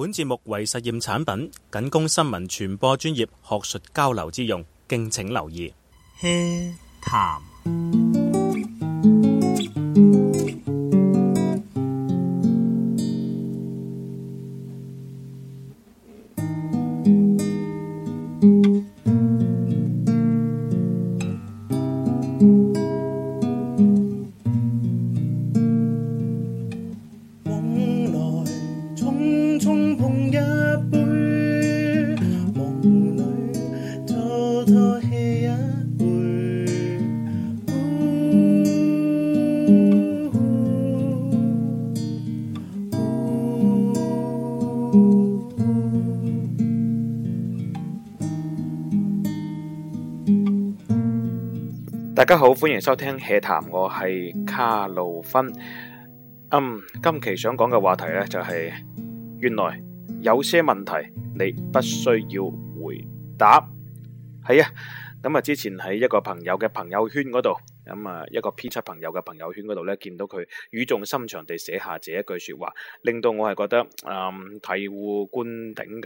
本節目為實驗產品，僅供新聞傳播專業，學術交流之用，敬請留意。傾談。大家好，歡迎收聽《戲談》，我係卡路芬。嗯，今期想講嘅話題呢，就係、是，原來有些問題你不需要回答。係啊，咁啊，之前喺一個朋友嘅朋友圈嗰度，咁啊一個 P7 朋友嘅朋友圈嗰度呢，見到佢語重心長地寫下這一句說話，令到我係覺得嗯醍醐灌頂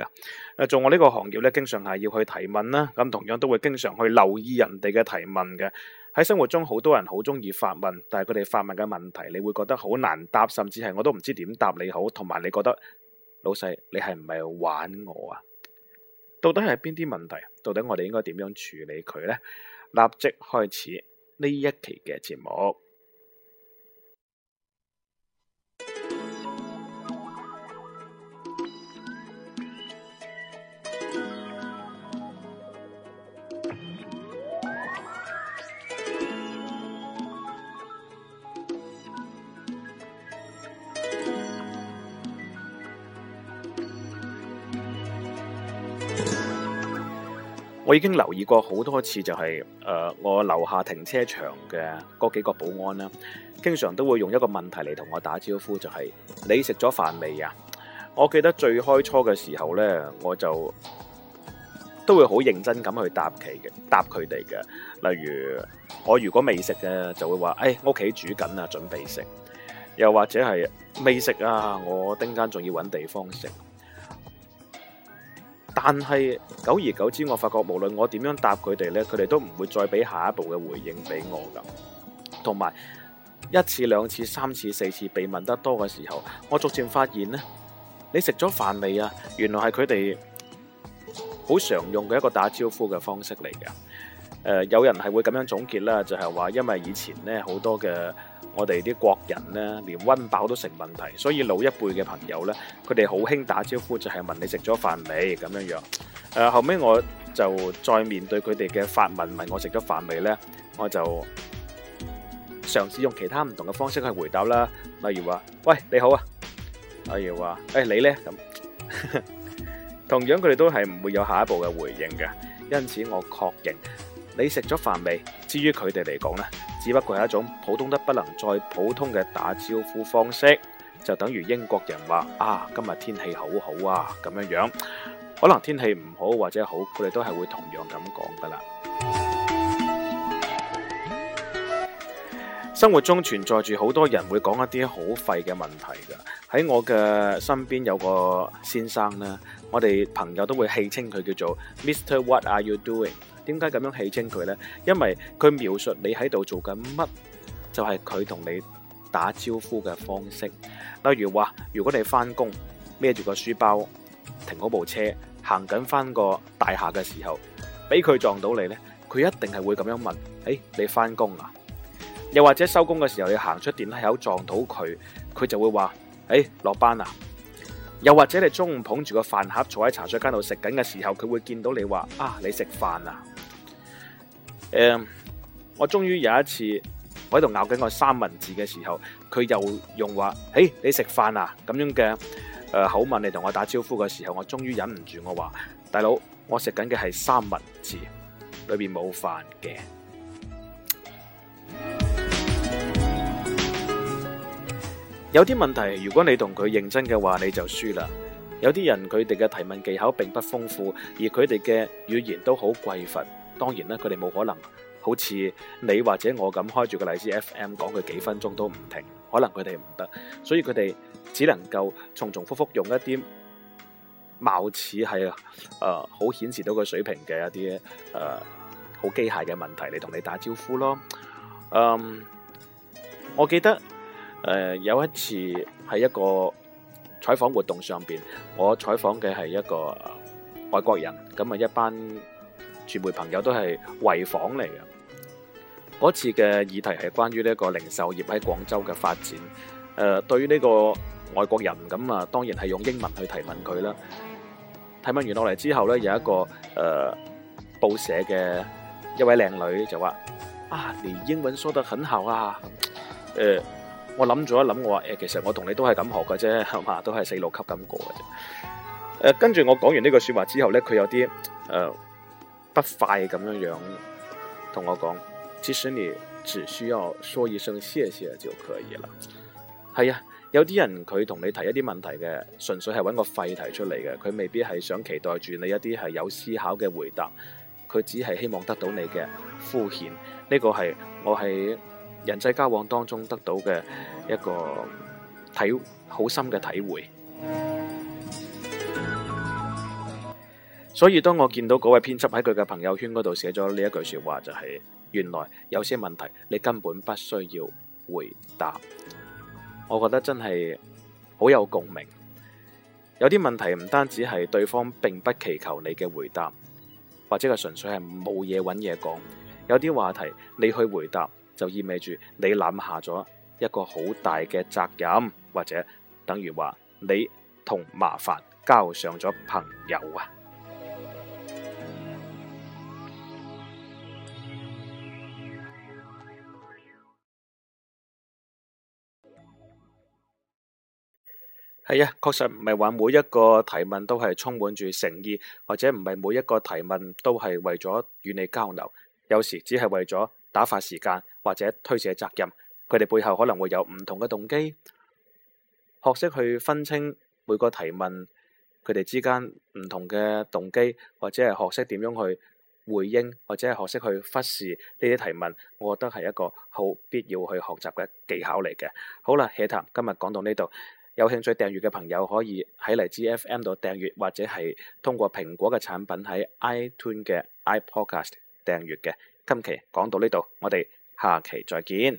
噶。做我呢個行業呢，經常係要去提問啦，咁同樣都會經常去留意人哋嘅提問嘅。喺生活中，好多人好鍾意發問，但係佢哋發問嘅問題，你會覺得好難答，甚至係我都唔知點答你好，同埋你覺得老細你係唔係玩我啊？到底係邊啲問題？到底我哋應該點樣處理佢咧？立即開始呢一期嘅節目。我已經留意過好多次，就是，就係誒，我樓下停車場嘅嗰幾個保安啦，經常都會用一個問題嚟同我打招呼，就係、是，你食咗飯未啊？我記得最開初嘅時候呢，我就都會好認真咁去答佢嘅，答佢哋嘅。例如我如果未食嘅，就會話誒，屋、哎、企煮緊啊，準備食。又或者係未食啊，我等陣仲要揾地方食。但係久而久之，我發覺無論我點樣答佢哋呢，佢哋都唔會再俾下一步嘅回應俾我咁。同埋一次、兩次、三次、四次被問得多嘅時候，我逐漸發現呢，你食咗飯未啊？原來係佢哋好常用嘅一個打招呼嘅方式嚟嘅。誒、呃，有人係會咁樣總結啦，就係話因為以前呢好多嘅。我哋啲國人咧，連溫飽都成問題，所以老一輩嘅朋友咧，佢哋好興打招呼，就係問你食咗飯未，咁樣樣。誒後尾，我就再面對佢哋嘅發問問我食咗飯未咧，我就嘗試用其他唔同嘅方式去回答啦。例如話：喂，你好啊，例如話：誒你咧咁。同樣佢哋都係唔會有下一步嘅回應嘅，因此我確認你食咗飯未？至於佢哋嚟講咧。只不過係一種普通得不能再普通嘅打招呼方式，就等於英國人話：啊，今日天氣好好啊，咁樣樣。可能天氣唔好或者好，佢哋都係會同樣咁講噶啦。生活中存在住好多人會講一啲好廢嘅問題噶。喺我嘅身邊有個先生呢，我哋朋友都會戲稱佢叫做 Mr. What are you doing？點解咁樣戲稱佢呢？因為佢描述你喺度做緊乜，就係佢同你打招呼嘅方式。例如話，如果你翻工孭住個書包停嗰部車行緊翻個大廈嘅時候，俾佢撞到你呢，佢一定係會咁樣問：誒、哎，你翻工啊？又或者收工嘅時候，你行出電梯口撞到佢，佢就會話：誒、哎，落班啊？又或者你中午捧住個飯盒坐喺茶水間度食緊嘅時候，佢會見到你話：啊，你食飯啊？誒、um，我終於有一次我喺度咬緊我三文治嘅時候，佢又用話：，誒，你食飯啊？咁樣嘅誒、呃、口吻嚟同我打招呼嘅時候，我終於忍唔住，我話：，大佬，我食緊嘅係三文治，裏邊冇飯嘅。有啲問題，如果你同佢認真嘅話，你就輸啦。有啲人佢哋嘅提問技巧並不豐富，而佢哋嘅語言都好匱乏。當然啦，佢哋冇可能好似你或者我咁開住個荔枝 FM 講佢幾分鐘都唔停，可能佢哋唔得，所以佢哋只能夠重重複複用一啲貌似係誒、好顯示到個水平嘅一啲誒、好機械嘅問題嚟同你打招呼咯。嗯，我記得誒、呃、有一次喺一個採訪活動上邊，我採訪嘅係一個外國人，咁啊一班。傳媒朋友都係圍訪嚟嘅，嗰次嘅議題係關於呢個零售業喺廣州嘅發展。誒、呃，對於呢個外國人咁啊，當然係用英文去提問佢啦。提問完落嚟之後呢，有一個誒、呃、報社嘅一位靚女就話：「啊，你英文說得很好啊！誒、呃，我諗咗一諗，我話誒，其實我同你都係咁學嘅啫，吓都係四六級咁過嘅啫。誒、呃，跟住我講完呢個說話之後呢，佢有啲誒、呃不快咁樣樣，同我講，即使你只需要說一聲謝謝就可以了。係啊，有啲人佢同你提一啲問題嘅，純粹係搵個廢題出嚟嘅，佢未必係想期待住你一啲係有思考嘅回答，佢只係希望得到你嘅敷衍。呢個係我喺人際交往當中得到嘅一個體好深嘅體會。所以，當我見到嗰位編輯喺佢嘅朋友圈嗰度寫咗呢一句說話，就是，就係原來有些問題你根本不需要回答。我覺得真係好有共鳴。有啲問題唔單止係對方並不祈求你嘅回答，或者係純粹係冇嘢揾嘢講。有啲話題你去回答，就意味住你攬下咗一個好大嘅責任，或者等於話你同麻煩交上咗朋友啊。係啊，確實唔係話每一個提問都係充滿住誠意，或者唔係每一個提問都係為咗與你交流。有時只係為咗打發時間，或者推卸責任。佢哋背後可能會有唔同嘅動機。學識去分清每個提問佢哋之間唔同嘅動機，或者係學識點樣去回應，或者係學識去忽視呢啲提問，我覺得係一個好必要去學習嘅技巧嚟嘅。好啦，喜談，今日講到呢度。有興趣訂閱嘅朋友可以喺荔枝 FM 度訂閱，或者係通過蘋果嘅產品喺 iTunes 嘅 iPodcast 訂閱嘅。今期講到呢度，我哋下期再見。